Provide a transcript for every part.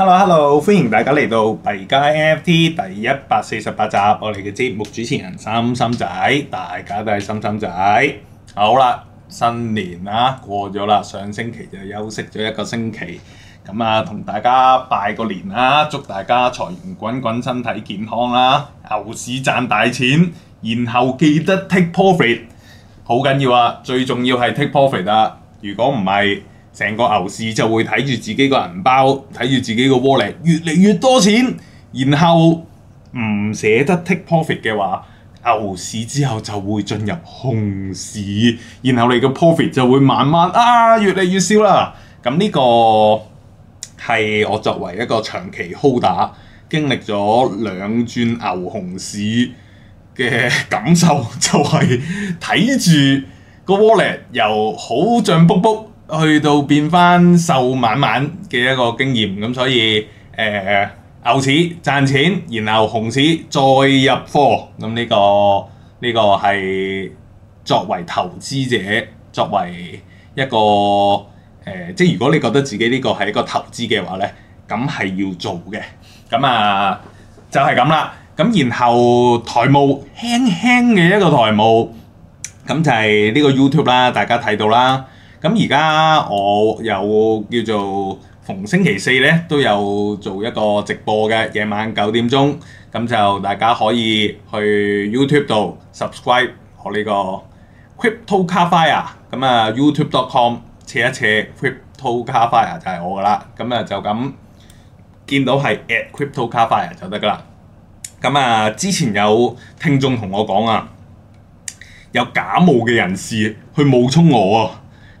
Hello Hello，歡迎大家嚟到幣加 NFT 第一百四十八集，我哋嘅節目主持人心心仔，大家都係心心仔。好啦，新年啊過咗啦，上星期就休息咗一個星期，咁啊，同大家拜個年啦、啊，祝大家財源滾滾，身體健康啦、啊，牛市賺大錢，然後記得 take profit，好緊要啊，最重要係 take profit 啊，如果唔係。成個牛市就會睇住自己個銀包，睇住自己個 wallet 越嚟越多錢，然後唔捨得 take profit 嘅話，牛市之後就會進入熊市，然後你個 profit 就會慢慢啊越嚟越少啦。咁呢、這個係我作為一個長期 hold 打，經歷咗兩轉牛熊市嘅感受，就係睇住個 wallet 又好漲卜卜，去到變翻瘦晚晚嘅一個經驗，咁所以誒、呃、牛市賺錢，然後熊市再入貨，咁呢、這個呢、這個係作為投資者，作為一個誒、呃，即係如果你覺得自己呢個係一個投資嘅話呢，咁係要做嘅。咁啊，就係咁啦。咁然後台務輕輕嘅一個台務，咁就係呢個 YouTube 啦，大家睇到啦。咁而家我有叫做逢星期四咧都有做一個直播嘅，夜晚九點鐘，咁就大家可以去 YouTube 度 subscribe 我呢個 CryptoFire，c a r 咁啊 YouTube.com dot 切一切 CryptoFire c a r 就係我啦，咁啊就咁見到係 at CryptoFire c a r 就得噶啦。咁啊之前有聽眾同我講啊，有假冒嘅人士去冒充我啊。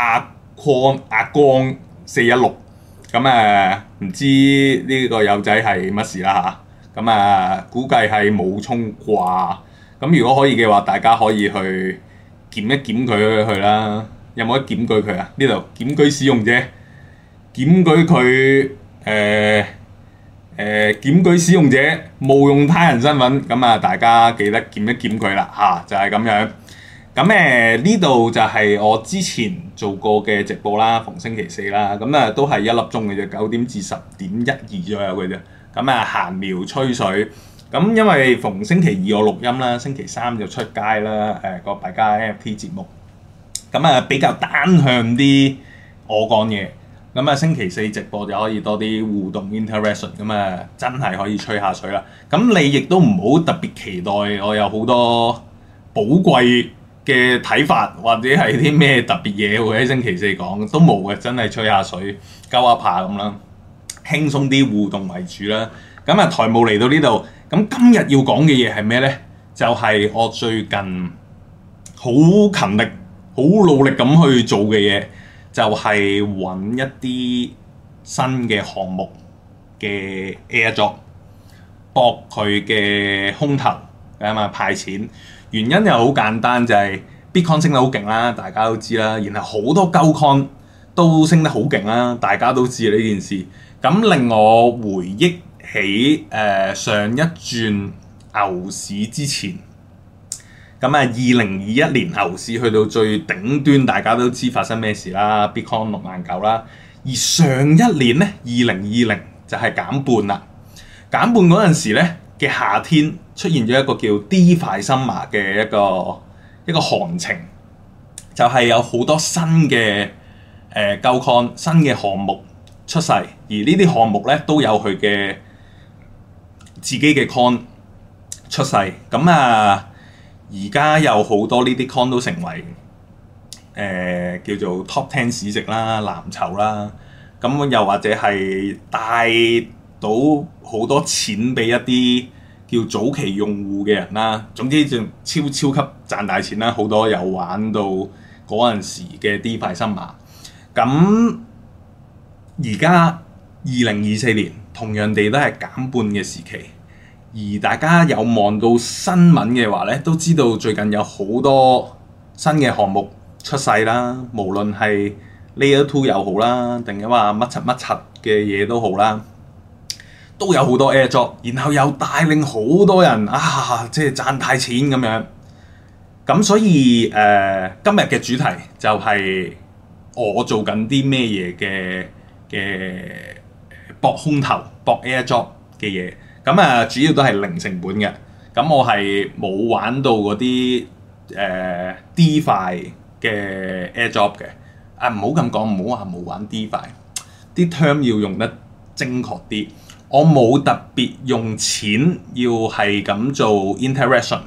阿光阿光，啊、光四一六咁啊，唔、嗯嗯、知呢個友仔係乜事啦吓，咁、嗯、啊、嗯、估計係冒充掛，咁、嗯、如果可以嘅話，大家可以去檢一檢佢去啦，有冇得檢舉佢啊？呢度檢舉使用者，檢舉佢誒誒檢舉使用者冒用他人身份，咁、嗯、啊、嗯、大家記得檢一檢佢啦吓，就係、是、咁樣。咁呢度就係我之前做過嘅直播啦，逢星期四啦，咁啊都係一粒鐘嘅啫，九點至十點一二左右嘅啫。咁啊閒聊吹水，咁因為逢星期二我錄音啦，星期三就出街啦，誒、呃、個幣加 NFT 節目，咁啊比較單向啲我講嘢，咁啊星期四直播就可以多啲互動 interaction，咁啊真係可以吹下水啦。咁你亦都唔好特別期待我有好多寶貴。嘅睇法或者係啲咩特別嘢，喎喺星期四講都冇嘅，真係吹下水、交下怕咁啦，輕鬆啲互動為主啦。咁啊台務嚟到說呢度，咁今日要講嘅嘢係咩咧？就係、是、我最近好勤力、好努力咁去做嘅嘢，就係、是、揾一啲新嘅項目嘅 airdrop 搏佢嘅空頭，咁啊派錢。原因又好簡單，就係、是、Bitcoin 升得好勁啦，大家都知啦。然後好多高 o c o n 都升得好勁啦，大家都知呢件事。咁令我回憶起、呃、上一轉牛市之前，咁啊二零二一年牛市去到最頂端，大家都知發生咩事啦。Bitcoin 六萬九啦，而上一年咧，二零二零就係減半啦。減半嗰陣時咧，嘅夏天出現咗一個叫 DeFi Summer 嘅一個一個行情，就係、是、有好多新嘅誒舊、呃、con 新嘅項目出世，而呢啲項目咧都有佢嘅自己嘅 con 出世，咁啊而家有好多呢啲 con 都成為誒、呃、叫做 top ten 市值啦、藍籌啦，咁又或者係大。到好多錢俾一啲叫早期用戶嘅人啦，總之就超超級賺大錢啦，好多有玩到嗰陣時嘅 DeFi Summer，咁而家二零二四年同樣地都係減半嘅時期，而大家有望到新聞嘅話呢，都知道最近有好多新嘅項目出世啦，無論係 Layer Two 又好啦，定係話乜柒乜柒嘅嘢都好啦。都有好多 Airdrop，然後又帶領好多人啊，即係賺大錢咁樣。咁所以誒、呃，今日嘅主題就係我做緊啲咩嘢嘅嘅博空頭博 Airdrop 嘅嘢。咁啊，主要都係零成本嘅。咁我係冇玩到嗰啲誒 DeFi 嘅 Airdrop 嘅。啊，唔好咁講，唔好話冇玩 DeFi。啲 term 要用得精確啲。我冇特別用錢要係咁做 interaction，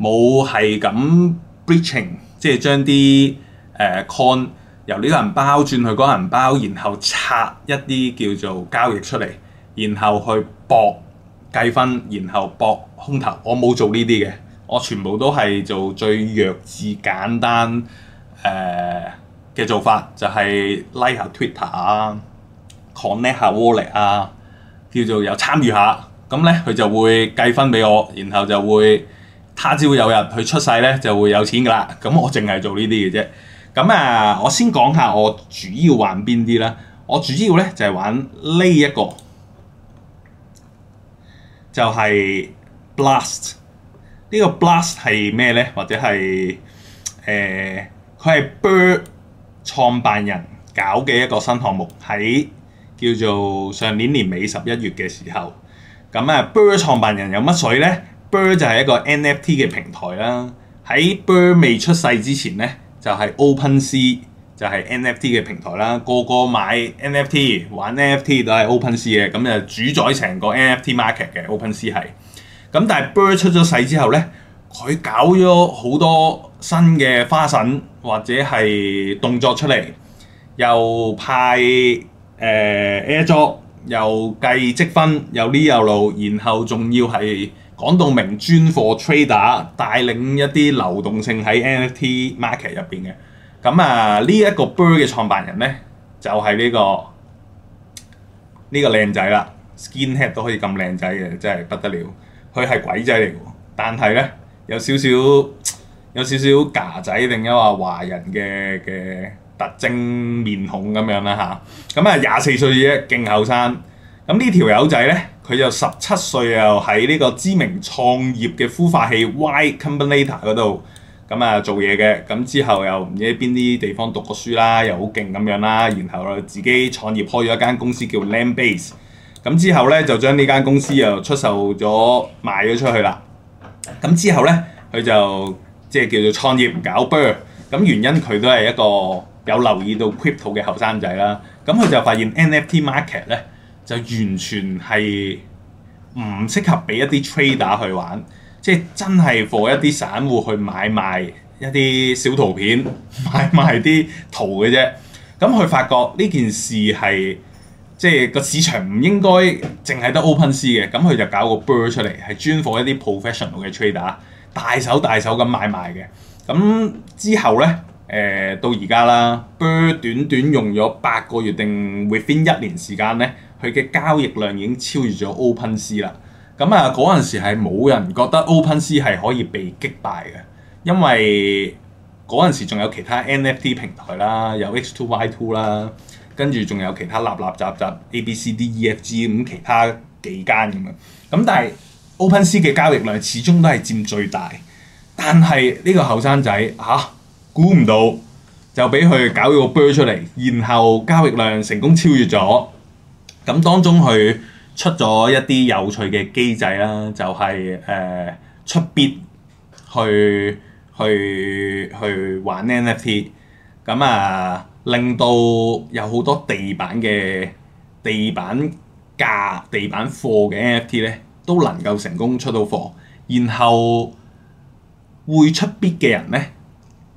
冇係咁 breaching，即係將啲誒 coin 由呢個銀包轉去嗰個銀包，然後拆一啲叫做交易出嚟，然後去博計分，然後博空頭。我冇做呢啲嘅，我全部都係做最弱智簡單誒嘅、呃、做法，就係、是、拉下 Twitter 啊，connect 下 Wallet 啊。叫做有參與下，咁咧佢就會計分俾我，然後就會他朝有日佢出世咧就會有錢噶啦。咁我淨係做呢啲嘅啫。咁啊，我先講下我主要玩邊啲啦。我主要咧就係玩呢一個，就係 Blast。呢個 Blast 係咩咧？或者係誒佢係 Blur 創辦人搞嘅一個新項目喺。叫做上年年尾十一月嘅時候，咁啊 Blur 創辦人有乜水呢？Blur 就係一個 NFT 嘅平台啦。喺 Blur 未出世之前呢，就係 OpenSea，就係 NFT 嘅平台啦。個個買 NFT、玩 NFT 都係 OpenSea 嘅，咁就主宰成個 NFT market 嘅 OpenSea 係。咁但係 Blur 出咗世之後呢，佢搞咗好多新嘅花臣或者係動作出嚟，又派。誒 Airdrop 又計積分又呢又路，然後仲要係講到名專貨 Trader 帶領一啲流動性喺 NFT market 入邊嘅。咁、嗯、啊呢一、這個 Blur 嘅創辦人咧就係、是、呢、這個呢、這個靚仔啦，Skinhead 都可以咁靚仔嘅，真係不得了。佢係鬼仔嚟嘅，但係咧有少少有少少咖仔定抑或華人嘅嘅。的特徵面孔咁樣啦吓，咁啊廿四歲啫，勁後生。咁呢條友仔咧，佢就十七歲又喺呢個知名創業嘅孵化器 Y Combinator 嗰度咁啊做嘢嘅。咁之後又唔知喺邊啲地方讀過書啦，又好勁咁樣啦。然後又自己創業開咗一間公司叫 Landbase。咁之後咧就將呢間公司又出售咗賣咗出去啦。咁之後咧佢就即係叫做創業唔搞 business 咁，原因佢都係一個有留意到 crypto 嘅後生仔啦，咁佢就發現 NFT market 咧就完全係唔適合俾一啲 trader 去玩，即係真係俾一啲散戶去買賣一啲小圖片，買賣啲圖嘅啫。咁佢發覺呢件事係即係個市場唔應該淨係得 OpenSea 嘅，咁佢就搞個 Blur 出嚟，係專貨一啲 professional 嘅 trader 大手大手咁買賣嘅。咁之後咧。呃、到而家啦 Blur 短短用咗八個月定 within 一年時間咧，佢嘅交易量已經超越咗 OpenSea 啦。咁、嗯、啊，嗰陣時係冇人覺得 OpenSea 係可以被擊敗嘅，因為嗰陣時仲有其他 NFT 平台啦，有 X2Y2 啦，跟住仲有其他立立雜雜 A B C D E F G 咁其他幾間咁啊。咁、嗯、但係 OpenSea 嘅交易量始終都係佔最大，但係呢個後生仔嚇。啊估唔到就俾佢搞咗個 Blur 出嚟，然後交易量成功超越咗。咁當中佢出咗一啲有趣嘅機制啦，就係誒出 bid 去去去玩 NFT。咁啊，令到有好多地板嘅地板價、地板貨嘅 NFT 咧，都能夠成功出到貨。然後會出 bid 嘅人咧，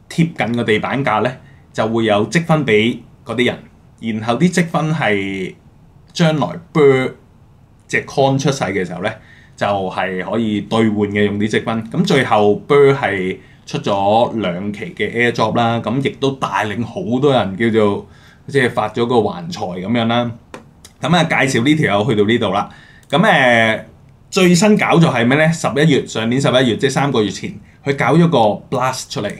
貼緊個地板價咧，就會有積分俾嗰啲人，然後啲積分係將來 Blur 隻 coin 出世嘅時候咧，就係、是、可以兌換嘅用啲積分。咁最後 Blur 係出咗兩期嘅 airdrop 啦，咁亦都帶領好多人叫做即係發咗個橫財咁樣啦。咁啊介紹呢條友去到呢度啦。咁最新搞咗係咩咧？十一月，上年十一月，即係三個月前，佢搞咗個 blast 出嚟。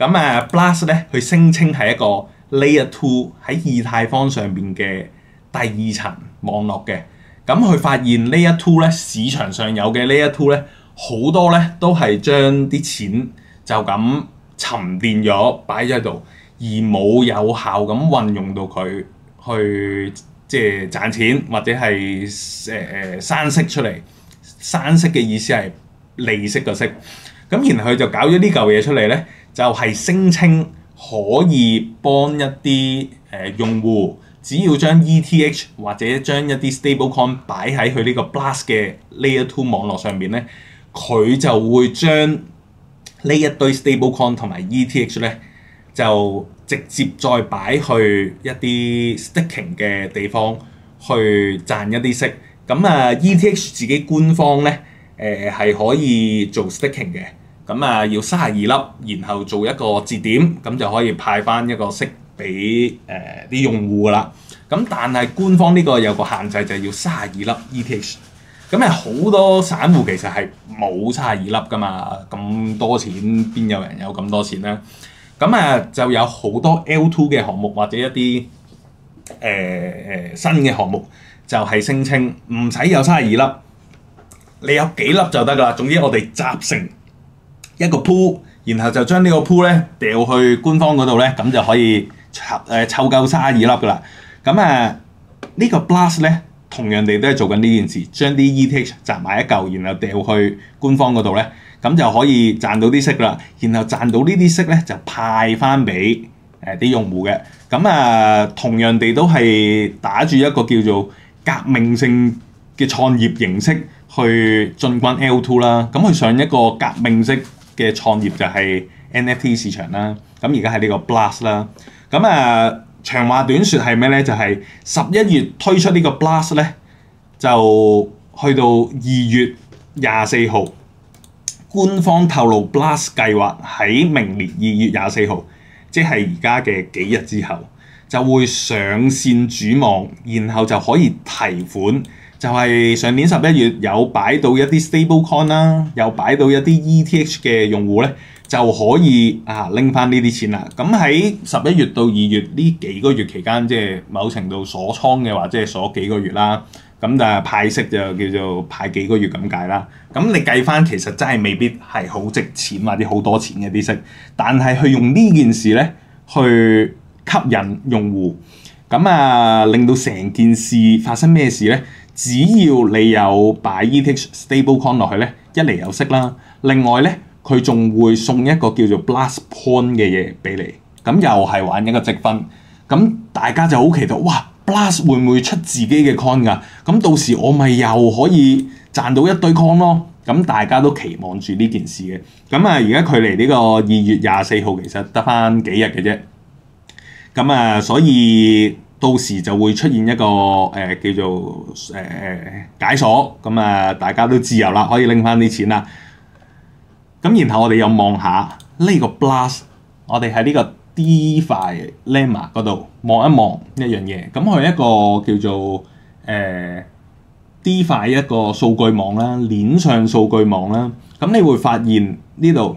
咁啊，Blast 咧，佢聲稱係一個 Layer Two 喺以太坊上邊嘅第二層網絡嘅。咁佢發現 Layer Two 咧，市場上有嘅 Layer Two 咧，好多咧都係將啲錢就咁沉澱咗擺咗喺度，而冇有，有效咁運用到佢去即係賺錢，或者係誒誒生息出嚟。生息嘅意思係利息嘅息。咁然後佢就搞咗呢嚿嘢出嚟咧。就係聲稱可以幫一啲、呃、用戶，只要將 ETH 或者將一啲 stable coin 擺喺佢呢個 Blast 嘅 Layer Two 網絡上面咧，佢就會將呢一堆 stable coin 同埋 ETH 咧，就直接再擺去一啲 staking 嘅地方去賺一啲息。咁啊，ETH 自己官方咧係、呃、可以做 staking 嘅。咁啊，要三十二粒，然後做一個節點，咁就可以派翻一個息俾誒啲用戶噶啦。咁但係官方呢個有個限制，就係要三十二粒 ETH。咁係好多散戶其實係冇三十二粒噶嘛，咁多錢邊有人有咁多錢咧？咁啊，就有好多 L2 嘅項目或者一啲誒誒新嘅項目，就係聲稱唔使有三十二粒，你有幾粒就得噶啦。總之我哋集成。一個 pool，然後就將呢個 pool 咧掉去官方嗰度咧，咁就可以集誒湊夠三十二粒噶啦。咁、呃、啊，這個、blast 呢個 plus 咧，同樣地都係做緊呢件事，將啲 ETH 集埋一嚿，然後掉去官方嗰度咧，咁就可以賺到啲息啦。然後賺到呢啲息咧，就派翻俾誒啲用戶嘅。咁啊，同樣地都係打住一個叫做革命性嘅創業形式去進軍 L2 啦。咁佢上一個革命式。嘅創業就係 NFT 市場啦，咁而家喺呢個 Blast 啦，咁啊長話短説係咩呢？就係十一月推出呢個 Blast 呢，就去到二月廿四號，官方透露 Blast 計劃喺明年二月廿四號，即係而家嘅幾日之後就會上線主網，然後就可以提款。就係，是，上年十一月有擺到一啲 stable coin 啦，有擺到一啲 ETH 嘅用戶咧，就可以啊拎翻呢啲錢啦。咁喺十一月到二月呢幾個月期間，即係某程度鎖倉嘅，或者係鎖幾個月啦。咁但係派息就叫做派幾個月咁解啦。咁你計翻其實真係未必係好值錢或者好多錢嘅啲息，但係佢用呢件事咧去吸引用戶，咁啊令到成件事發生咩事咧？只要你有擺 ETH stable coin 落去咧，一嚟有息啦。另外咧，佢仲會送一個叫做 Blast Point 嘅嘢俾你，咁又係玩一個積分。咁大家就好期待，哇！Blast 會唔會出自己嘅 coin 噶？咁到時我咪又可以賺到一堆 coin 咯。咁大家都期望住呢件事嘅。咁啊，而家距離呢個二月廿四號其實得翻幾日嘅啫。咁啊，所以。到時就會出現一個、呃、叫做、呃、解鎖，咁啊大家都自由啦，可以拎翻啲錢啦。咁然後我哋又望下呢個 Blast，我哋喺呢個 DeFi Llama 嗰度望一望一樣嘢。咁佢係一個叫做、呃、DeFi 一個數據網啦，鏈上數據網啦。咁你會發現呢度。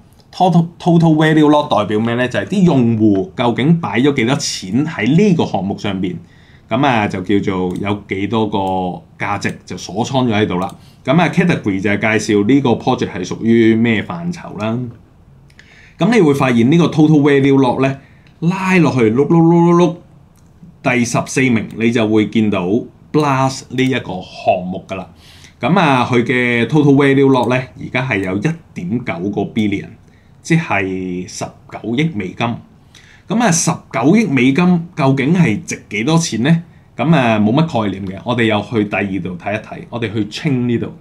total total value lock 代表咩咧？就係啲用戶究竟擺咗幾多錢喺呢個項目上邊，咁啊就叫做有幾多個價值就鎖倉咗喺度啦。咁啊 category 就係介紹呢個 project 係屬於咩範疇啦。咁你會發現呢個 total value lock 咧拉落去碌碌碌碌碌，第十四名你就會見到 blast 呢一個項目噶啦。咁啊佢嘅 total value lock 咧而家係有一點九個 billion。即係十九億美金，咁啊十九億美金究竟係值幾多錢咧？咁啊冇乜概念嘅，我哋又去第二度睇一睇，我哋去清呢度，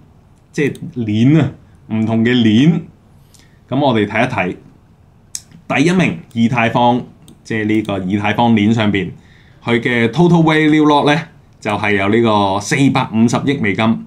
即係鏈啊，唔同嘅鏈，咁我哋睇一睇第一名，以太坊，即係呢個以太坊鏈上邊，佢嘅 total value lock 咧就係、是、有呢個四百五十億美金。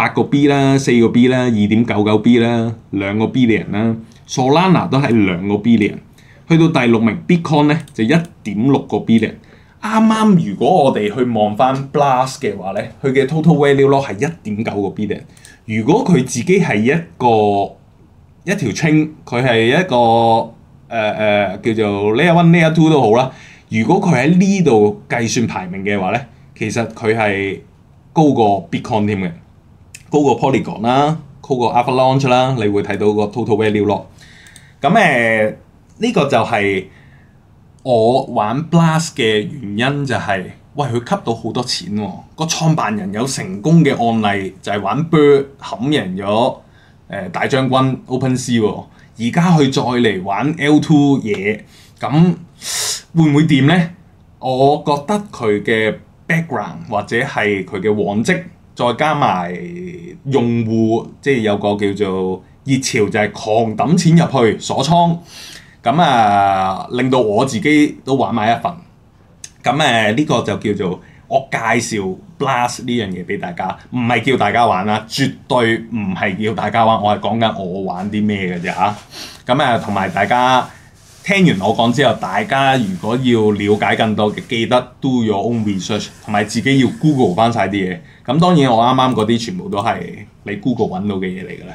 八個 B 啦，四個 B 啦，二點九九 B 啦，兩個 B 零啦，Solana 都係兩個 B 零。去到第六名 Bitcoin 咧就一點六個 B 零。啱啱如果我哋去望翻 Blast 嘅話咧，佢嘅 Total Value 咯係一點九個 B 零。如果佢自己係一個一條 Chain，佢係一個誒誒、呃呃、叫做 Layer One、Layer Two 都好啦。如果佢喺呢度計算排名嘅話咧，其實佢係高過 Bitcoin 添嘅。高個 Polygon 啦，高個 Avalanche 啦，你會睇到個 Total Value 咯。咁誒，呢、呃這個就係我玩 Blast 嘅原因、就是，就係喂佢吸到好多錢喎、哦。那個創辦人有成功嘅案例，就係、是、玩 Blur 冚贏咗誒、呃、大將軍 OpenSea、哦。而家佢再嚟玩 L2 嘢，咁會唔會掂咧？我覺得佢嘅 Background 或者係佢嘅往績。再加埋用戶，即係有個叫做熱潮，就係、是、狂抌錢入去鎖倉，咁啊令到我自己都玩埋一份。咁誒呢個就叫做我介紹 Blast 呢樣嘢俾大家，唔係叫大家玩啦，絕對唔係要大家玩，我係講緊我玩啲咩嘅啫嚇。咁誒同埋大家。聽完我講之後，大家如果要了解更多嘅，記得 do your own research，同埋自己要 Google 翻晒啲嘢。咁當然我啱啱嗰啲全部都係你 Google 揾到嘅嘢嚟嘅啦。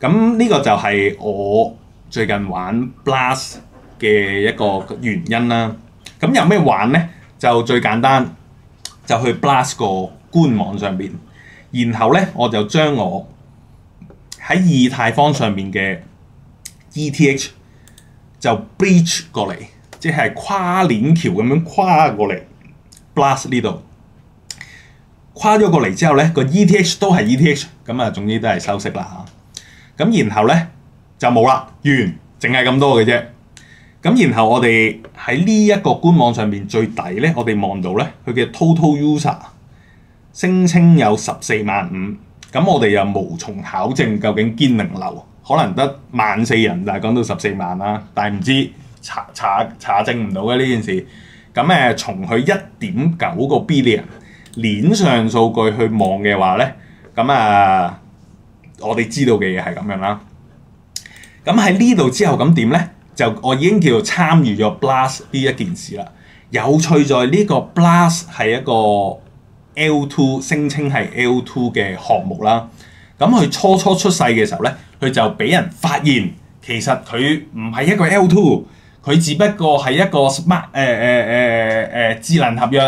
咁呢個就係我最近玩 Blast 嘅一個原因啦。咁有咩玩呢？就最簡單，就去 Blast 個官網上面。然後呢，我就將我喺以太坊上面嘅 ETH。就 bridge 過嚟，即係跨鏈橋咁樣跨過嚟，blast 呢度跨咗過嚟之後咧，個 ETH 都係 ETH，咁啊總之都係收息啦嚇。咁然後咧就冇啦，完，淨係咁多嘅啫。咁然後我哋喺呢一個官網上面最底咧，我哋望到咧佢嘅 total user 聲稱有十四萬五，咁我哋又無從考證究竟堅定流？可能得萬四人就係講到十四萬啦，但係唔知查查查證唔到嘅呢件事。咁、啊、誒，從佢一點九個 billion 鏈上數據去望嘅話咧，咁啊，我哋知道嘅嘢係咁樣啦。咁喺呢度之後咁點咧？就我已經叫做參與咗 Blast 呢一件事啦。有趣在呢、這個 Blast 係一個 L two 聲稱係 L two 嘅項目啦。咁佢初初出世嘅時候咧，佢就俾人發現其實佢唔係一個 L2，佢只不過係一個 smart、欸欸、智能合約，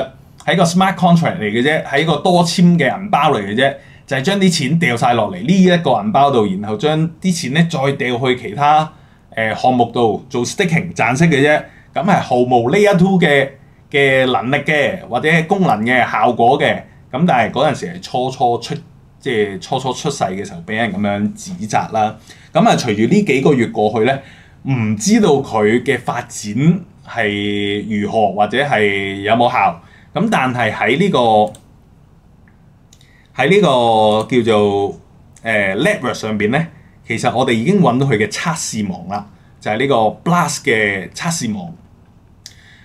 係一個 smart contract 嚟嘅啫，係一個多簽嘅銀包嚟嘅啫，就係將啲錢掉晒落嚟呢一個銀包度，然後將啲錢咧再掉去其他欸項目度做 staking 賺息嘅啫，咁係毫無 Layer 2嘅嘅能力嘅或者功能嘅效果嘅，咁但係嗰陣時係初初出。即係初初出世嘅時候，俾人咁樣指責啦。咁啊，隨住呢幾個月過去咧，唔知道佢嘅發展係如何，或者係有冇效。咁但係喺呢個喺呢個叫做誒 level、呃、上邊咧，其實我哋已經揾到佢嘅測試網啦，就係、是、呢個 Blast 嘅測試網。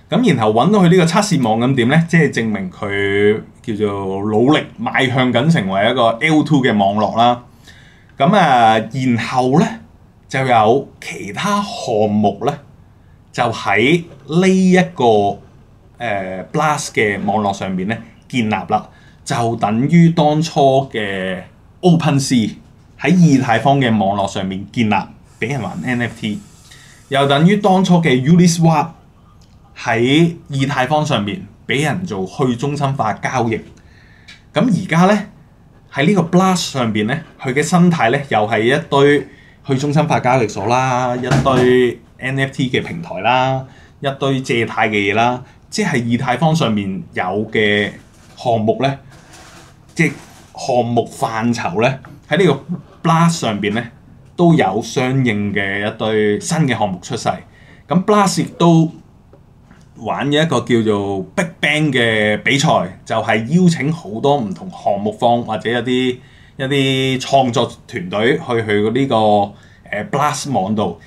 咁然後揾到佢呢個測試網咁點咧，即係證明佢。叫做努力邁向緊成為一個 L2 嘅網絡啦，咁啊，然後咧就有其他項目咧就喺呢一個誒、呃、Blast 嘅網絡上面咧建立啦，就等於當初嘅 OpenSea 喺以太坊嘅網絡上面建立，俾人玩 NFT，又等於當初嘅 Uniswap 喺以太坊上面。俾人做去中心化交易，咁而家咧喺呢個 BLAST 上邊咧，佢嘅生態咧又係一堆去中心化交易所啦，一堆 NFT 嘅平台啦，一堆借貸嘅嘢啦，即係以太坊上面有嘅項目咧，即係項目範疇咧喺呢個 BLAST 上邊咧都有相應嘅一堆新嘅項目出世，咁 BLAST 亦都玩嘅一個叫做 Big Bang 嘅比賽，就係、是、邀請好多唔同項目方或者一啲一啲創作團隊去去呢、這個、呃、Blast 網度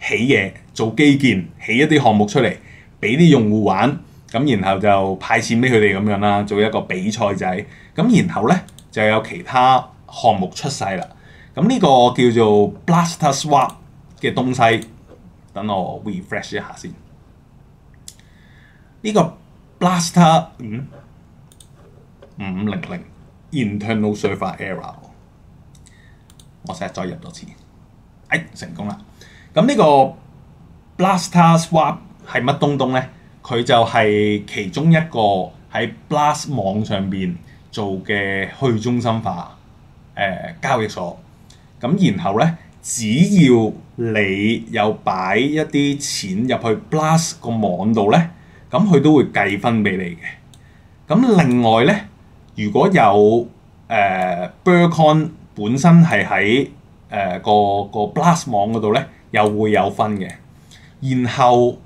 起嘢、做基建、起一啲項目出嚟，俾啲用戶玩，咁然後就派錢俾佢哋咁樣啦，做一個比賽仔。咁然後咧就有其他項目出世啦。咁呢個叫做 Blaster Swap 嘅東西，等我 refresh 一下先。呢、這個 Blaster 五五零零 internal server error，我試下再入多次，哎成功啦！咁呢個 Blaster swap 係乜東東咧？佢就係其中一個喺 Blast 網上邊做嘅去中心化誒、呃、交易所。咁然後咧，只要你有擺一啲錢入去 Blast 個網度咧。咁佢都會計分俾你嘅。咁另外咧，如果有誒、呃、Bitcoin 本身係喺誒個個 Blast 網嗰度咧，又會有分嘅。然後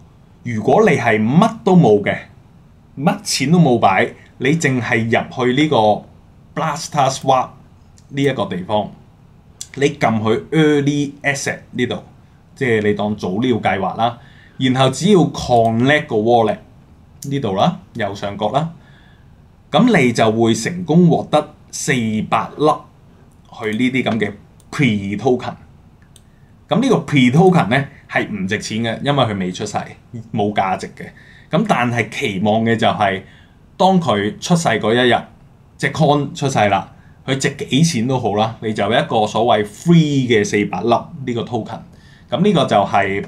如果你係乜都冇嘅，乜錢都冇擺，你淨係入去呢個 Blast Swap 呢一個地方，你撳去 Early Asset 呢度，即係你當做呢個計劃啦。然後只要 Connect 個 Wallet。呢度啦，右上角啦，咁你就會成功獲得四百粒去這些這這呢啲咁嘅 pre token。咁呢個 pre token 咧係唔值錢嘅，因為佢未出世，冇價值嘅。咁但係期望嘅就係、是、當佢出世嗰一日，即 Con 出世啦，佢值幾錢都好啦，你就有一個所謂 free 嘅四百粒呢、這個 token。咁呢個就係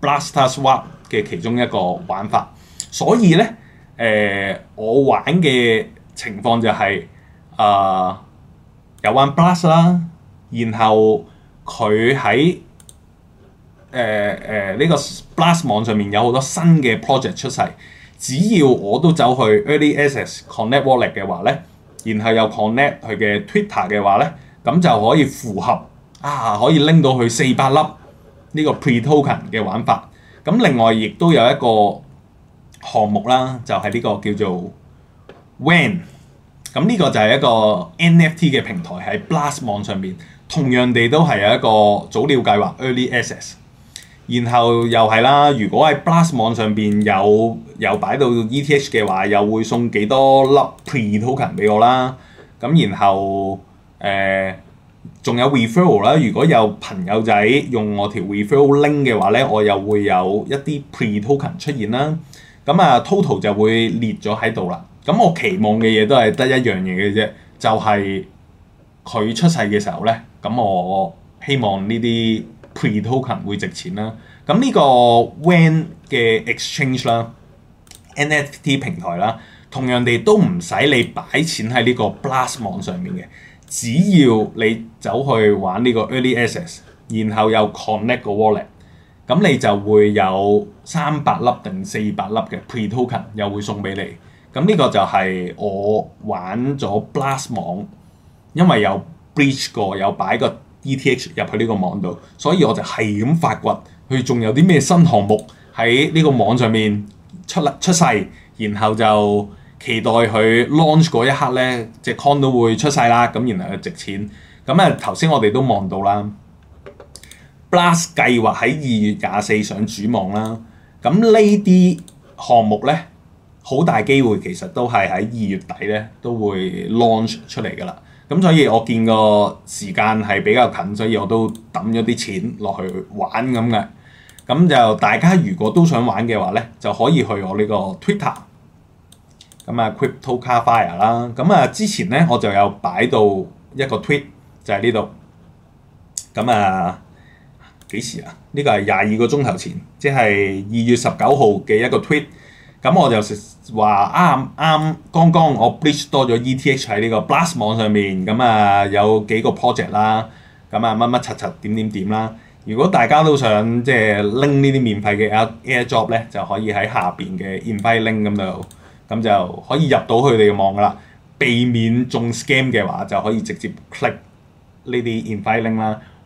Blaster Swap 嘅其中一個玩法。所以咧、呃，我玩嘅情況就係、是、啊、呃、有玩 Blast 啦，然後佢喺誒誒呢個 Blast 網上面有好多新嘅 project 出世，只要我都走去 Early Access Connect Wallet 嘅話咧，然後又 connect 佢嘅 Twitter 嘅話咧，咁就可以符合啊，可以拎到去四百粒呢個 Pre-Token 嘅玩法。咁另外亦都有一個項目啦，就係呢個叫做 WAN 咁呢個就係一個 NFT 嘅平台喺 Blast 網上面同樣地都係有一個早鳥計劃 Early Access。然後又係啦，如果喺 Blast 網上面有有擺到 ETH 嘅話，又會送幾多粒 Pre Token 俾我啦。咁然後誒，仲有 Referral 啦，如果有朋友仔用我條 Referral Link 嘅話咧，我又會有一啲 Pre Token 出現啦。咁啊，Total 就會列咗喺度啦。咁我期望嘅嘢都係得一樣嘢嘅啫，就係佢出世嘅時候咧。咁我希望呢啲 Pre-Token 會值錢啦。咁呢個 Wan 嘅 Exchange 啦，NFT 平台啦，同樣地都唔使你擺錢喺呢個 Blast 網上面嘅，只要你走去玩呢個 Early Access，然後又 connect 個 Wallet。咁你就會有三百粒定四百粒嘅 pre-token 又會送俾你，咁呢個就係我玩咗 Blast 網，因為有 breach 過，有擺個 ETH 入去呢個網度，所以我就係咁發掘佢仲有啲咩新項目喺呢個網上面出出，出世，然後就期待佢 launch 嗰一刻咧，隻、這個、coin 都會出世啦，咁然後就值錢。咁啊頭先我哋都望到啦。Blast 計劃喺二月廿四上主網啦，咁呢啲項目咧，好大機會其實都係喺二月底咧都會 launch 出嚟噶啦。咁所以我見個時間係比較近，所以我都抌咗啲錢落去玩咁嘅。咁就大家如果都想玩嘅話咧，就可以去我呢個 Twitter，咁啊 cryptokafire 啦。咁啊之前咧我就有擺到一個 tweet 就喺呢度，咁啊。幾時啊？呢個係廿二個鐘頭前，即係二月十九號嘅一個 tweet。咁我就食話啱啱剛剛我 bless 多咗 ETH 喺呢個 Blast 網上面，咁啊有幾個 project 啦，咁啊乜乜柒柒點點點啦。如果大家都想即係拎呢啲免費嘅 airdrop 咧，就可以喺下邊嘅 invite link 咁度，咁就可以入到佢哋嘅網噶啦。避免中 scam 嘅話，就可以直接 click 呢啲 invite link 啦。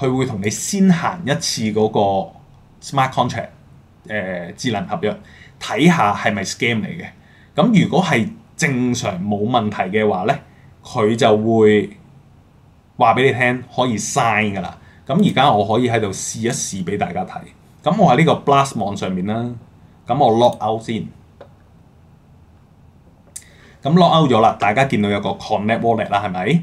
佢會同你先行一次嗰個 smart contract，誒、呃、智能合約，睇下係咪 scam 嚟嘅。咁如果係正常冇問題嘅話咧，佢就會話俾你聽可以 sign 噶啦。咁而家我可以喺度試一試俾大家睇。咁我喺呢個 Blast 網上面啦，咁我 log out 先。咁 log out 咗啦，大家見到有個 connect wallet 啦，係咪？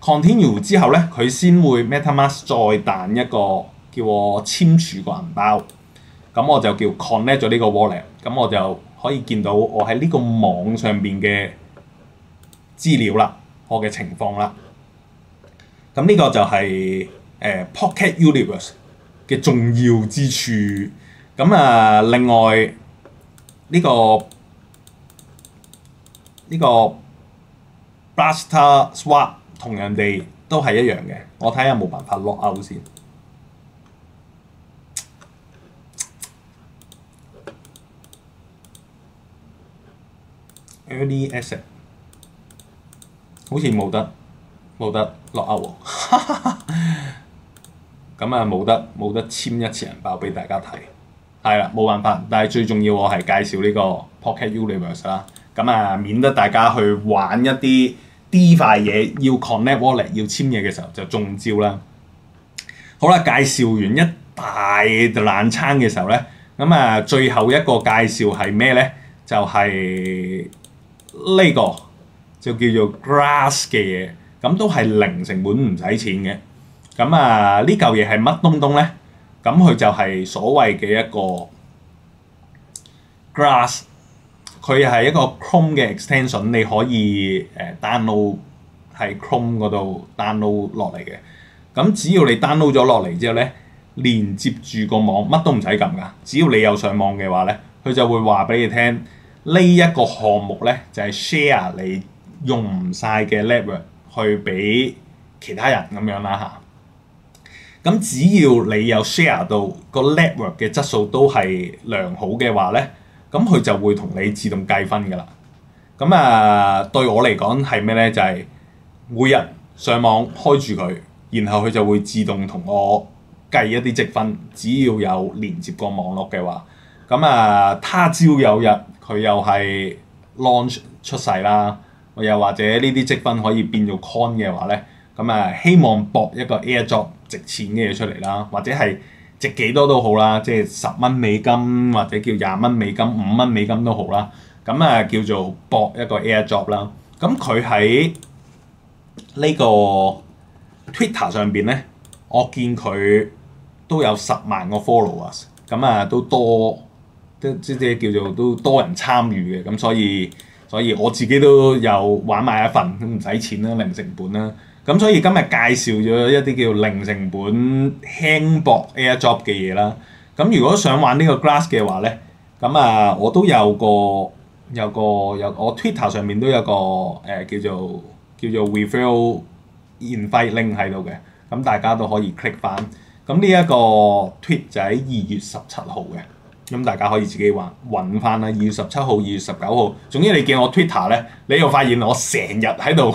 Continue 之後咧，佢先會 MetaMask 再彈一個叫我簽署個銀包，咁我就叫 connect 咗呢個 wallet，咁我就可以見到我喺呢個網上面嘅資料啦，我嘅情況啦。咁呢個就係呃，Pocket Universe 嘅重要之處。咁啊、呃，另外呢個呢個 Blaster Swap。同人哋都係一樣嘅，我睇下冇辦法落 Out 先 early asset, 好像沒得。e LDS s 好似冇得冇得落 Out 喎，咁啊冇得冇得簽一次銀包俾大家睇，係啦冇辦法，但係最重要我係介紹呢個 Pocket Universe 啦，咁啊免得大家去玩一啲。呢塊嘢要 connect wallet 要簽嘢嘅時候就中招啦。好啦，介紹完一大爛餐嘅時候咧，咁啊最後一個介紹係咩咧？就係呢個就叫做 grass 嘅嘢，咁都係零成本唔使錢嘅。咁啊呢嚿嘢係乜東東咧？咁佢就係所謂嘅一個 grass。佢係一個 Chrome 嘅 extension，你可以誒 download 喺 Chrome 度 download 落嚟嘅。咁只要你 download 咗落嚟之後咧，連接住個網，乜都唔使撳噶。只要你有上網嘅話咧，佢就會話俾你聽，呢一個項目咧就係 share 你用唔晒嘅 network 去俾其他人咁樣啦嚇。咁只要你有 share 到個 network 嘅質素都係良好嘅話咧。咁佢就會同你自動計分嘅啦。咁啊，對我嚟講係咩咧？就係每日上網開住佢，然後佢就會自動同我計一啲積分。只要有連接個網絡嘅話，咁啊，他朝有日佢又係 launch 出世啦，我又或者呢啲積分可以變做 coin 嘅話咧，咁啊，希望博一個 airdrop 值錢嘅嘢出嚟啦，或者係。值幾多都好啦，即係十蚊美金或者叫廿蚊美金、五蚊美金都好啦。咁啊，叫做博一個 Airdrop 啦。咁佢喺呢個 Twitter 上面咧，我見佢都有十萬個 followers，咁啊，都多，都即係叫做都多人參與嘅。咁所以，所以我自己都有玩埋一份，都唔使錢啦，零成本啦。咁所以今日介紹咗一啲叫零成本輕薄 AirDrop 嘅嘢啦。咁如果想玩呢個 Glass 嘅話咧，咁啊我都有個有個有我 Twitter 上面都有個誒、呃、叫做叫做 Referral Invite link 喺度嘅。咁大家都可以 click 翻。咁呢一個 Tweet 就喺二月十七號嘅。咁大家可以自己揾揾翻啦。二月十七號、二月十九號，總之你見我 Twitter 咧，你又發現我成日喺度。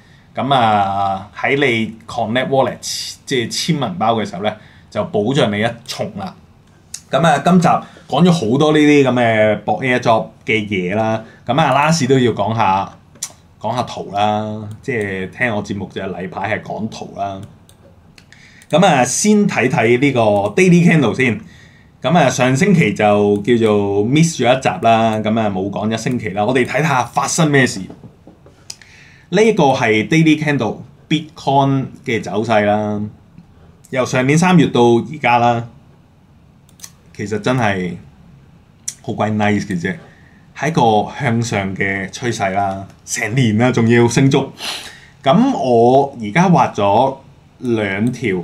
咁啊喺你 connect wallet 即係簽文包嘅時候咧，就保障你一重啦。咁啊，今集講咗好多呢啲咁嘅博 airdrop 嘅嘢啦。咁啊，last 都要講下，講下圖啦。即係聽我節目就係例牌係講圖啦。咁啊，先睇睇呢個 daily candle 先。咁啊，上星期就叫做 miss 咗一集啦。咁啊，冇講一星期啦。我哋睇下發生咩事。呢個係 daily candle bitcoin 嘅走勢啦，由上年三月到而家啦，其實真係好鬼 nice 嘅啫，係一個向上嘅趨勢啦，成年啦仲要升足。咁我而家畫咗兩條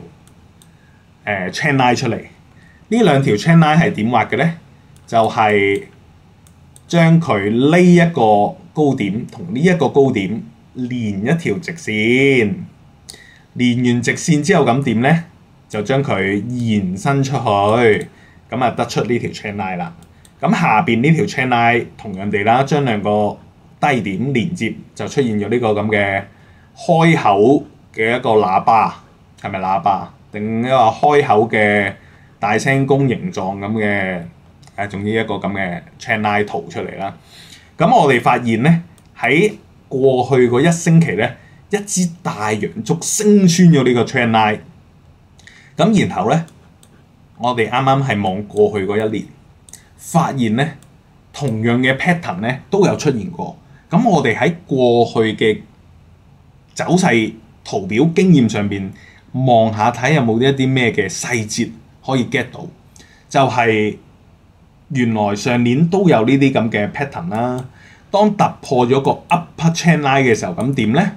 誒 channel 出嚟，呢兩條 channel 係點畫嘅咧？就係將佢呢一個高點同呢一個高點，連一條直線，連完直線之後咁點呢？就將佢延伸出去，咁啊得出呢條 channel 啦。咁下邊呢條 channel 同人哋啦，將兩個低點連接，就出現咗呢個咁嘅開口嘅一個喇叭，係咪喇叭？定一個開口嘅大聲公形狀咁嘅，誒，總之一個咁嘅 channel 圖出嚟啦。咁我哋發現呢，喺過去嗰一星期咧，一支大陽燭升穿咗呢個 trend line，咁然後咧，我哋啱啱係望過去嗰一年，發現咧同樣嘅 pattern 咧都有出現過。咁我哋喺過去嘅走勢圖表經驗上邊望下，睇有冇一啲咩嘅細節可以 get 到，就係原來上年都有呢啲咁嘅 pattern 啦。當突破咗個 upper trend line 嘅時候，咁點呢？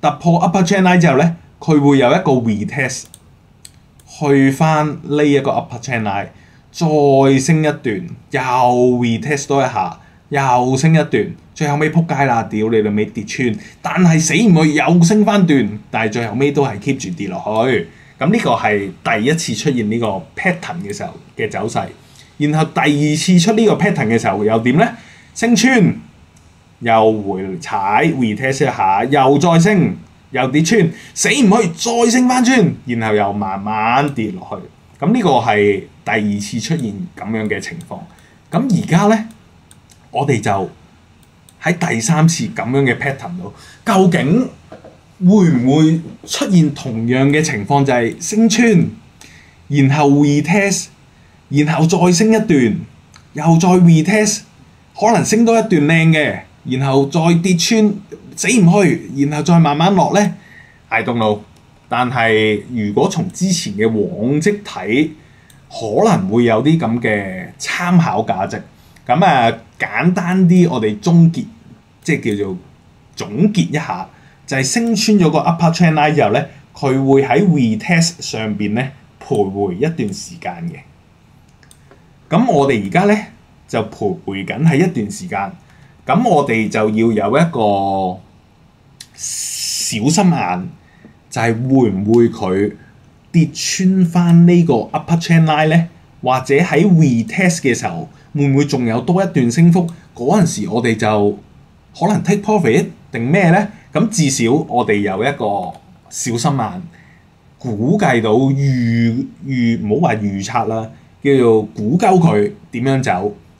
突破 upper trend line 之後呢，佢會有一個 retest 去翻呢一個 upper trend line，再升一段，又 retest 多一下，又升一段，最後尾仆街啦！屌你哋未跌穿，但係死唔去又升翻段，但係最後尾都係 keep 住跌落去。咁呢個係第一次出現呢個 pattern 嘅時候嘅走勢，然後第二次出呢個 pattern 嘅時候又點呢？升穿，又回踩，retest 一下，又再升，又跌穿，死唔去，再升翻穿，然後又慢慢跌落去。咁呢個係第二次出現咁樣嘅情況。咁而家咧，我哋就喺第三次咁樣嘅 pattern 度，究竟會唔會出現同樣嘅情況？就係升穿，然後 retest，然後再升一段，又再 retest。可能升多一段靚嘅，然後再跌穿死唔去，然後再慢慢落呢？捱動路。但係如果從之前嘅往績睇，可能會有啲咁嘅參考價值。咁啊，簡單啲，我哋總結，即係叫做總結一下，就係、是、升穿咗個 upper trend line 之後呢，佢會喺 retest 上邊呢，徘徊一段時間嘅。咁我哋而家呢。就徘徊緊喺一段時間，咁我哋就要有一個小心眼，就係、是、會唔會佢跌穿翻呢個 uptrend line 咧？或者喺 retest 嘅時候，會唔會仲有多一段升幅？嗰陣時我哋就可能 take profit 定咩咧？咁至少我哋有一個小心眼，估計到預預唔好話預測啦，叫做估鳩佢點樣走。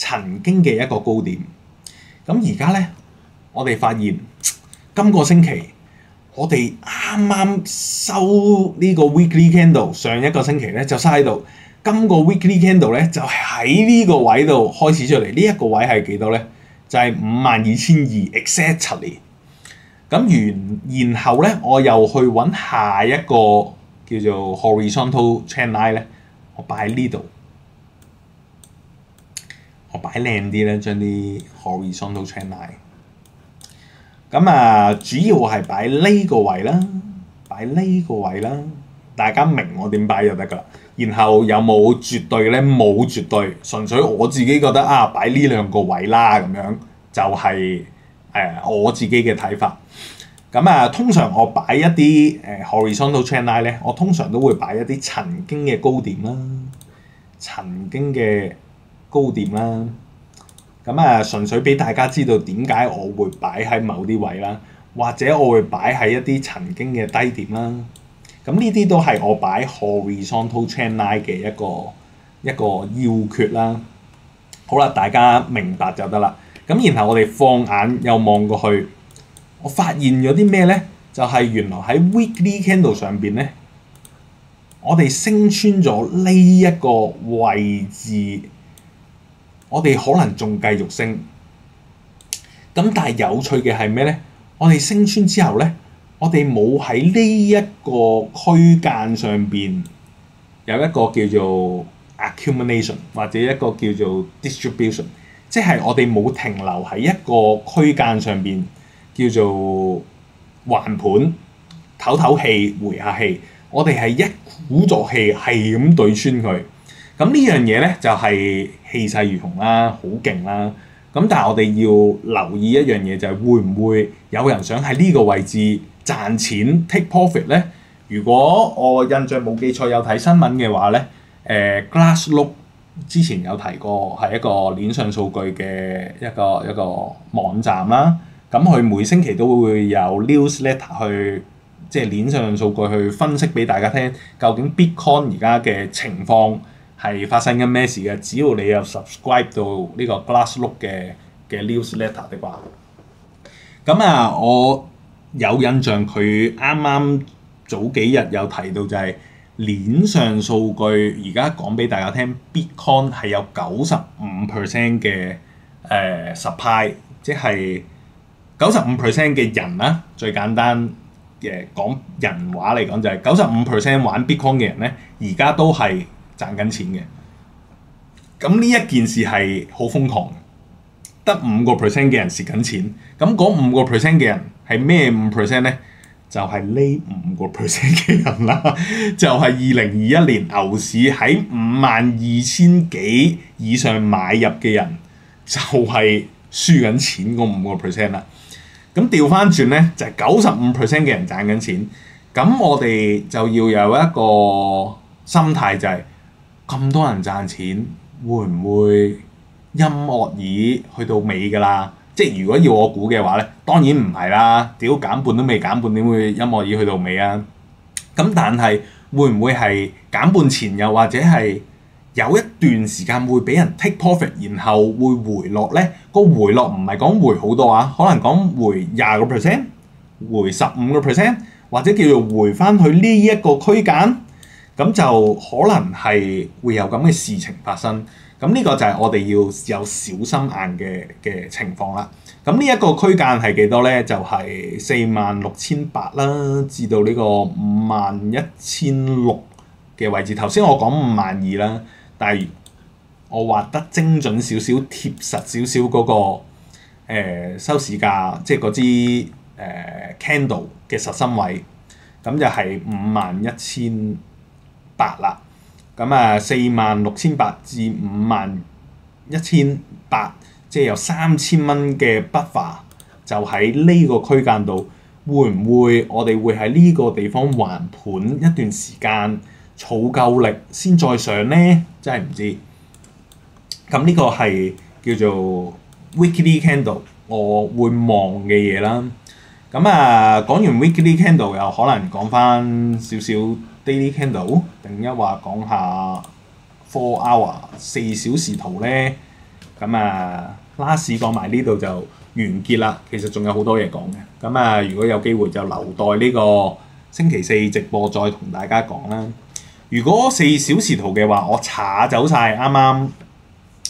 曾經嘅一個高點，咁而家呢，我哋發現今個星期我哋啱啱收呢個 weekly candle，上一個星期呢，就收喺度，今個 weekly candle 呢，就喺呢個位度開始出嚟。呢、這、一個位係幾多呢？就係五萬二千二 exactly。咁完，然後呢，我又去揾下一個叫做 horizontal trend line 咧，我擺喺呢度。我擺靚啲咧，將啲 horizontal trend line。咁啊，主要係擺呢個位啦，擺呢個位啦，大家明我點擺就得噶啦。然後有冇絕對咧？冇絕對，純粹我自己覺得啊，擺呢兩個位啦，咁樣就係、是、誒、啊、我自己嘅睇法。咁啊，通常我擺一啲誒 horizontal trend line 咧，我通常都會擺一啲曾經嘅高點啦，曾經嘅高點啦，咁啊，純粹俾大家知道點解我會擺喺某啲位啦，或者我會擺喺一啲曾經嘅低點啦，咁呢啲都係我擺 horizontal trend line 嘅一個一個要訣啦。好啦，大家明白就得啦。咁然後我哋放眼又望過去，我發現咗啲咩呢？就係原來喺 weekly candle 上面呢，我哋升穿咗呢一個位置。我哋可能仲繼續升，咁但係有趣嘅係咩呢？我哋升穿之後呢，我哋冇喺呢一個區間上邊有一個叫做 accumulation 或者一個叫做 distribution，即係我哋冇停留喺一個區間上邊叫做橫盤唞唞氣、回下氣，我哋係一鼓作氣，係咁對穿佢。咁呢樣嘢咧就係氣勢如虹啦，好勁啦！咁但係我哋要留意一樣嘢，就係會唔會有人想喺呢個位置賺錢 take profit 咧？如果我印象冇記錯，有睇新聞嘅話咧，呃，Glasslook 之前有提過，係一個鏈上數據嘅一個一個網站啦。咁佢每星期都會有 newsletter 去即係鏈上數據去分析俾大家聽，究竟 Bitcoin 而家嘅情況。係發生緊咩事嘅？只要你有 subscribe 到呢個 Glasslook 嘅嘅 news letter 的話，咁啊，我有印象佢啱啱早幾日有提到就係、是、鏈上數據，而家講俾大家聽，Bitcoin 係有九十五 percent 嘅誒 supply 即係九十五 percent 嘅人啦。最簡單嘅講人話嚟講，就係九十五 percent 玩 Bitcoin 嘅人咧，而家都係，賺緊錢嘅，咁呢一件事係好瘋狂，得五個 percent 嘅人蝕緊錢，咁嗰五個 percent 嘅人係咩五 percent 咧？就係呢五個 percent 嘅人啦，就係二零二一年牛市喺五萬二千幾以上買入嘅人，就係輸緊錢嗰五個 percent 啦。咁調翻轉咧，就係九十五 percent 嘅人賺緊錢，咁我哋就要有一個心態就係、是。咁多人賺錢，會唔會陰惡耳去到尾噶啦？即係如果要我估嘅話咧，當然唔係啦。屌減半都未減半，點會陰惡耳去到尾啊？咁但係會唔會係減半前又或者係有一段時間會俾人 take profit，然後會回落咧？個回落唔係講回好多啊，可能講回廿個 percent、回十五個 percent，或者叫做回返去呢一個區間。咁就可能係會有咁嘅事情發生，咁呢個就係我哋要有小心眼嘅嘅情況啦。咁呢一個區間係幾多呢？就係四萬六千八啦，至到呢個五萬一千六嘅位置。頭先我講五萬二啦，但係我畫得精準少少、貼實少少嗰個、呃、收市價，即係支呃 candle 嘅實心位，咁就係五萬一千百啦，咁啊，四萬六千八至五萬一千八，即係有三千蚊嘅 buffer，就喺呢個區間度，會唔會我哋會喺呢個地方橫盤一段時間，儲夠力先再上呢？真係唔知道。咁呢個係叫做 weekly candle，我會望嘅嘢啦。咁啊，講完 weekly candle，又可能講翻少少。Daily candle 定一話講下 Four hour 四小時圖咧，咁啊，Last 講埋呢度就完結啦。其實仲有好多嘢講嘅，咁啊，如果有機會就留待呢個星期四直播再同大家講啦。如果四小時圖嘅話，我查走晒啱啱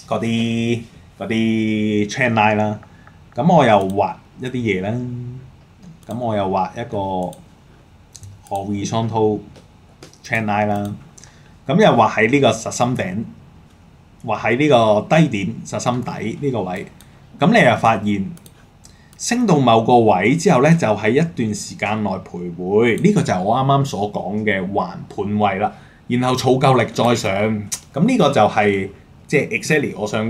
嗰啲嗰啲 trend line 啦，咁我又畫一啲嘢啦，咁我又畫一個 horizontal 圖 channel 啦，咁又畫喺呢個實心頂，畫喺呢個低點實心底呢個位，咁你又發現升到某個位之後咧，就喺一段時間內徘徊，呢、這個就係我啱啱所講嘅橫盤位啦。然後儲夠力再上，咁呢個就係即係 exactly 我想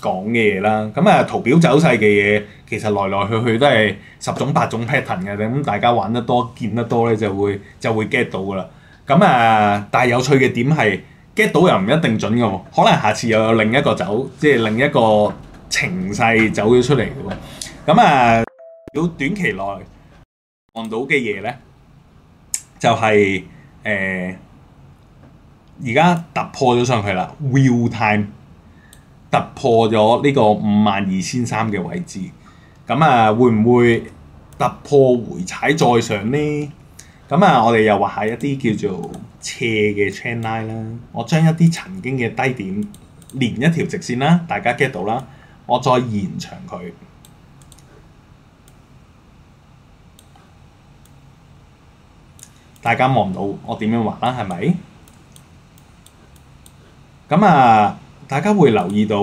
講嘅嘢啦。咁啊，圖表走勢嘅嘢其實來來去去都係十種八種 pattern 嘅，咁大家玩得多見得多咧，就會就會 get 到噶啦。咁啊，但係有趣嘅點係 get 到又唔一定準嘅喎，可能下次又有另一個走，即係另一個情勢走咗出嚟嘅。咁啊，要短期內望到嘅嘢咧，就係誒而家突破咗上去啦，real time 突破咗呢個五萬二千三嘅位置，咁啊會唔會突破回踩再上呢？咁啊，我哋又畫下一啲叫做斜嘅 trend line 啦。我將一啲曾經嘅低點連一條直線啦，大家 get 到啦。我再延長佢，大家望到我點樣畫啦，係咪？咁啊，大家會留意到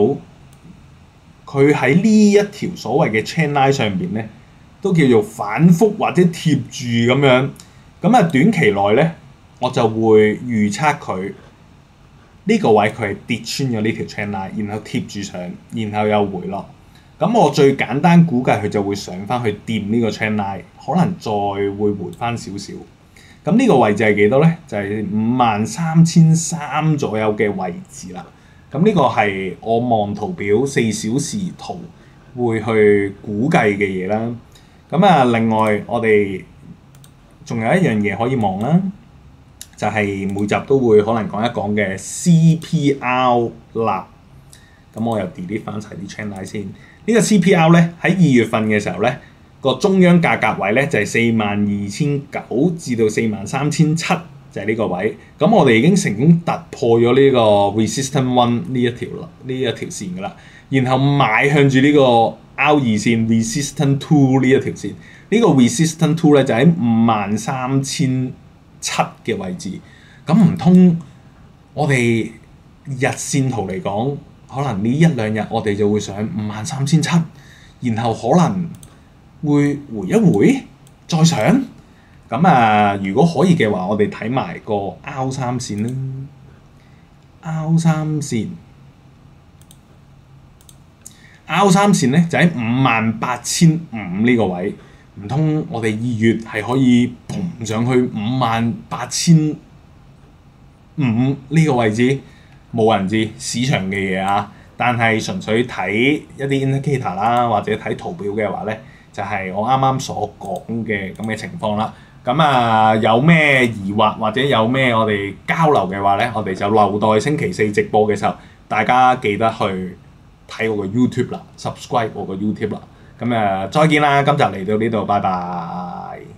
佢喺呢一條所謂嘅 trend line 上邊咧，都叫做反覆或者貼住咁樣。咁啊，短期內咧，我就會預測佢呢個位佢係跌穿咗呢條 channel line，然後貼住上，然後又回落。咁我最簡單估計佢就會上翻去掂呢個 channel line，可能再會回翻少少。咁呢個位置係幾多咧？就係五萬三千三左右嘅位置啦。咁呢個係我望圖表四小時圖會去估計嘅嘢啦。咁啊，另外我哋。仲有一樣嘢可以望啦，就係、是、每集都會可能講一講嘅 c p r 立，咁我又 delete 翻晒啲 channel 先。呢個、CPR 呢個 c p r 咧喺二月份嘅時候咧，個中央價格位咧就係四萬二千九至到四萬三千七，就係、是、呢個位。咁我哋已經成功突破咗呢個 resistance one 呢一條呢一條線㗎啦，然後買向住呢個 R 二線 resistance two 呢一條線。這個、resistant 呢個 r e s i s t a n c two 咧就喺五萬三千七嘅位置，咁唔通我哋日線圖嚟講，可能呢一兩日我哋就會上五萬三千七，然後可能會回一回再上，咁啊如果可以嘅話，我哋睇埋個 R 三線啦，R 三線，R 三線咧就喺五萬八千五呢個位。唔通我哋二月係可以膨上去五萬八千五呢個位置，冇人知市場嘅嘢啊！但係純粹睇一啲 indicator 啦，或者睇圖表嘅話呢，就係我啱啱所講嘅咁嘅情況啦。咁啊，有咩疑惑或者有咩我哋交流嘅話呢，我哋就留待星期四直播嘅時候，大家記得去睇我個 YouTube 啦，subscribe 我個 YouTube 啦。咁誒、呃，再見啦！今集嚟到呢度，拜拜。